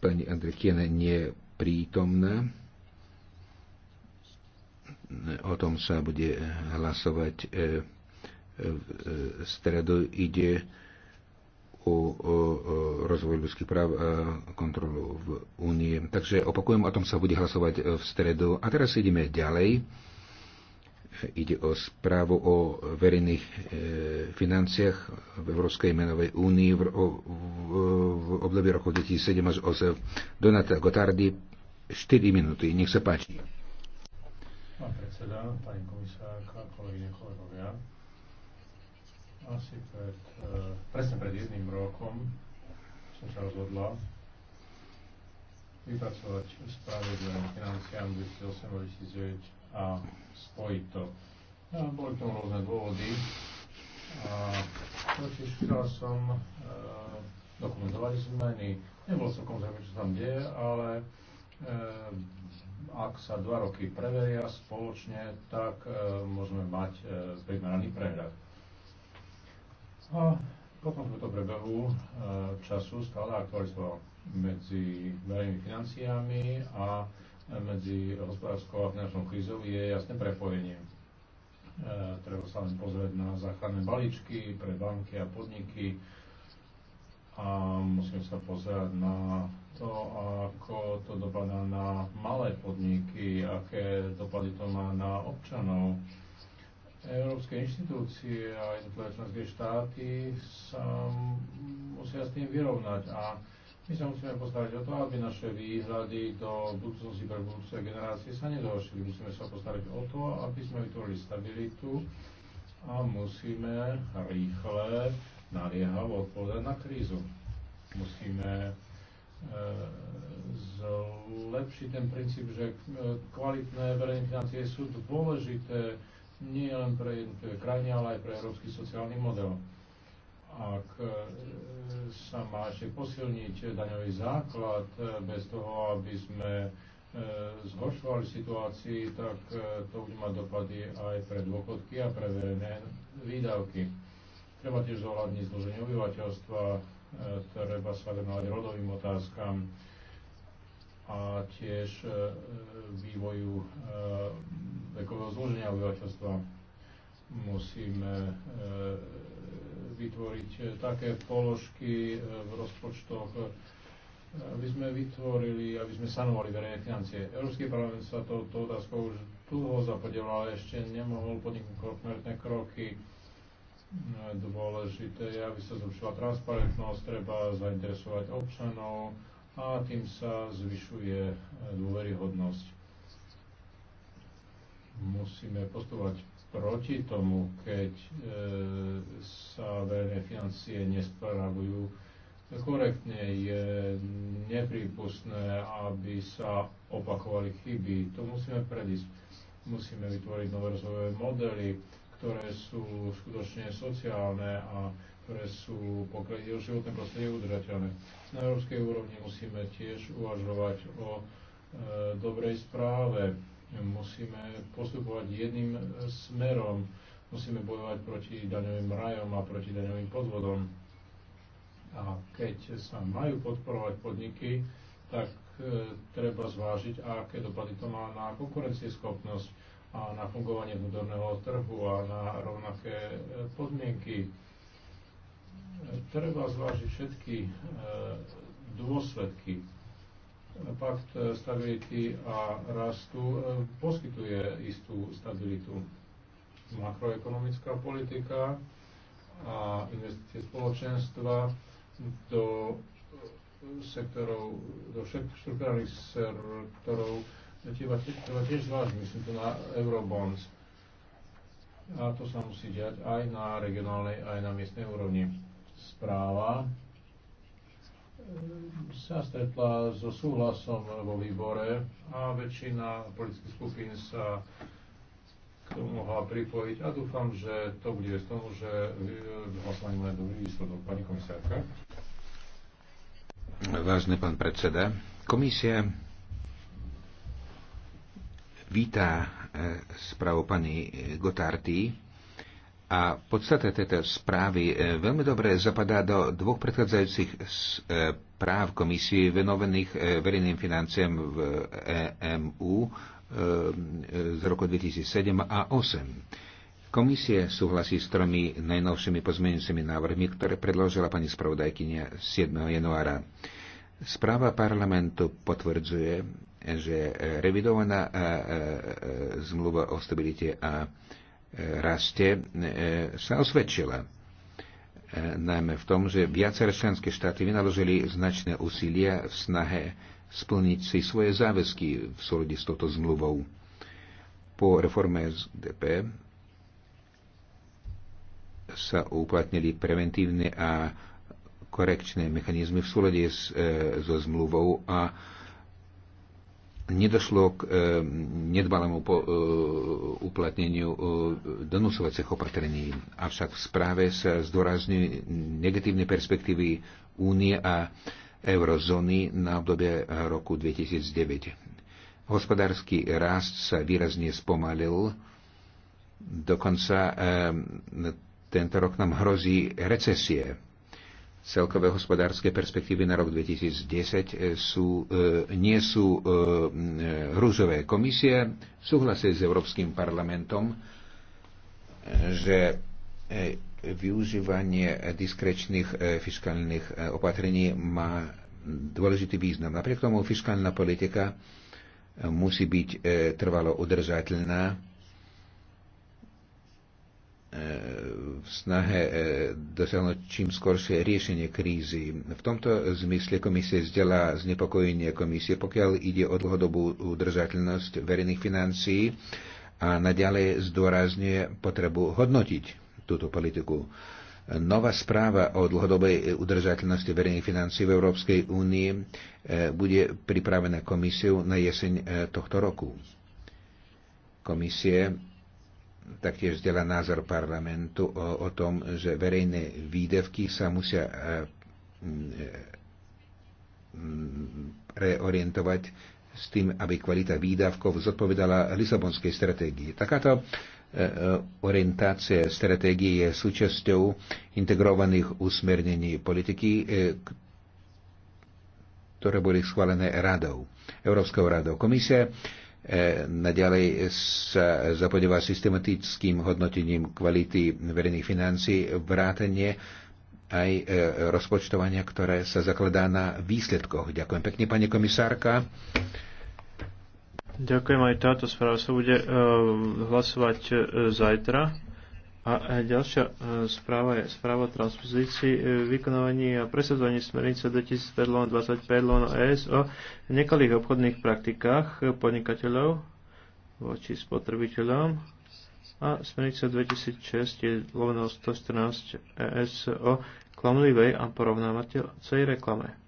Pani Andrikiene nie je prítomná. O tom sa bude hlasovať e, e, e, v stredu. Ide o, rozvoj ľudských práv a kontrolu v únie. Takže opakujem, o tom sa bude hlasovať v stredu. A teraz ideme ďalej. Ide o správu o verejných e, financiách v Európskej menovej únii v, v, v období roku 2007 až 2008. Donata Gotardi, 4 minúty, nech sa páči. Pán predseda, pani komisárka, kolegyne, kolegovia, asi pred, e, presne pred jedným rokom som sa rozhodla, vypracovať správy k financiám 2008-2009 a spojiť to. A no, boli k tomu rôzne dôvody. A totiž chcel som e, dokumentovať zmeny. Nebol som konzervný, čo tam deje, ale e, ak sa dva roky preveria spoločne, tak e, môžeme mať e, primeraný prehľad. A potom sme to prebehu e, času stále aktualizoval medzi verejnými financiami a medzi hospodárskou a finančnou krízou je jasné prepojenie. E, treba sa len pozrieť na záchranné balíčky pre banky a podniky a musíme sa pozerať na to, ako to dopadá na malé podniky, aké dopady to má na občanov. Európske inštitúcie a jednotlivé členské štáty sa musia s tým vyrovnať a my sa musíme postarať o to, aby naše výhľady do budúcnosti pre budúce generácie sa nedošli. Musíme sa postarať o to, aby sme vytvorili stabilitu a musíme rýchle, naliehavo odpovedať na krízu. Musíme e, zlepšiť ten princíp, že e, kvalitné verejné financie sú dôležité nie len pre jednotlivé krajiny, ale aj pre európsky sociálny model ak e, sa má ešte posilniť daňový základ e, bez toho, aby sme e, zhoršovali situácii, tak to bude mať dopady aj pre dôchodky a pre verejné výdavky. Treba tiež zohľadniť zloženie obyvateľstva, treba sa venovať rodovým otázkam a tiež vývoju vekového zloženia obyvateľstva. Musíme e, vytvoriť e, také položky e, v rozpočtoch, aby sme vytvorili, aby sme sanovali verejné financie. Európsky parlament sa touto otázkou už dlho zapodiel, ale ešte nemohol podniknúť konkrétne kroky. No, dôležité je, aby sa zrušila transparentnosť, treba zainteresovať občanov a tým sa zvyšuje dôveryhodnosť. Musíme postovať proti tomu, keď e, sa verejné financie nespravujú korektne. Je nepripustné, aby sa opakovali chyby. To musíme predísť. Musíme vytvoriť nové rozvojové modely, ktoré sú skutočne sociálne a ktoré sú pokrytie o životné prostredie udržateľné. Na európskej úrovni musíme tiež uvažovať o e, dobrej správe Musíme postupovať jedným e, smerom. Musíme bojovať proti daňovým rajom a proti daňovým podvodom. A keď sa majú podporovať podniky, tak e, treba zvážiť, aké dopady to má na konkurencieschopnosť a na fungovanie vnútorného trhu a na rovnaké e, podmienky. Treba zvážiť všetky dôsledky pakt eh, stability a rastu eh, poskytuje istú stabilitu. Makroekonomická politika a investície spoločenstva do eh, sektorov, do všetkých štruktúrnych sektorov treba, tiež zvážiť, myslím tu na Eurobonds. A to sa musí diať aj na regionálnej, aj na miestnej úrovni. Správa sa stretla so súhlasom vo výbore a väčšina politických skupín sa k tomu mohla pripojiť a dúfam, že to bude z tomu, že e, hlasovanie má dobrý výsledok. Pani komisárka. Vážny pán predseda, komisia vítá e, správu pani Gotárty, a podstate tejto správy e, veľmi dobre zapadá do dvoch predchádzajúcich e, práv komisie venovaných e, verejným financiám v EMU z roku 2007 a 2008. Komisie súhlasí s tromi najnovšími pozmeňujúcimi návrhmi, ktoré predložila pani spravodajkynia 7. januára. Správa parlamentu potvrdzuje, že revidovaná zmluva o stabilite a raste e, sa osvedčila. E, najmä v tom, že viaceré členské štáty vynaložili značné úsilia v snahe splniť si svoje záväzky v súlade s touto zmluvou. Po reforme SDP sa uplatnili preventívne a korekčné mechanizmy v súlade s, e, so zmluvou a nedošlo k e, nedbalému e, uplatneniu e, donúcovacích opatrení. Avšak v správe sa zdôrazňujú negatívne perspektívy únie a eurozóny na obdobie roku 2009. Hospodársky rast sa výrazne spomalil, dokonca tento rok nám hrozí recesie celkové hospodárske perspektívy na rok 2010 e, sú, e, nie sú e, rúžové. Komisie súhlasí s Európskym parlamentom, že využívanie diskrečných fiskálnych opatrení má dôležitý význam. Napriek tomu fiskálna politika musí byť trvalo udržateľná v snahe e, dosiahnuť čím skoršie riešenie krízy. V tomto zmysle komisie zdieľa znepokojenie komisie, pokiaľ ide o dlhodobú udržateľnosť verejných financií a naďalej zdôrazňuje potrebu hodnotiť túto politiku. Nová správa o dlhodobej udržateľnosti verejných financií v Európskej únii e, bude pripravená komisiu na jeseň e, tohto roku. Komisie taktiež zdieľa názor parlamentu o, o tom, že verejné výdevky sa musia e, e, reorientovať s tým, aby kvalita výdavkov zodpovedala Lisabonskej stratégii. Takáto e, orientácia stratégie je súčasťou integrovaných usmernení politiky, ktoré boli schválené radou, Európskou radou. Komisia E, naďalej sa zapodieva systematickým hodnotením kvality verejných financí, vrátenie aj e, rozpočtovania, ktoré sa zakladá na výsledkoch. Ďakujem pekne, pani komisárka. Ďakujem, aj táto správa sa bude e, hlasovať zajtra. A ďalšia e, správa je správa o transpozícii, e, vykonovaní a presadzovaní smernice 2025 ES o nekalých obchodných praktikách podnikateľov voči spotrebiteľom a smernica 2006 je 114 ES o klamlivej a porovnávateľcej reklame.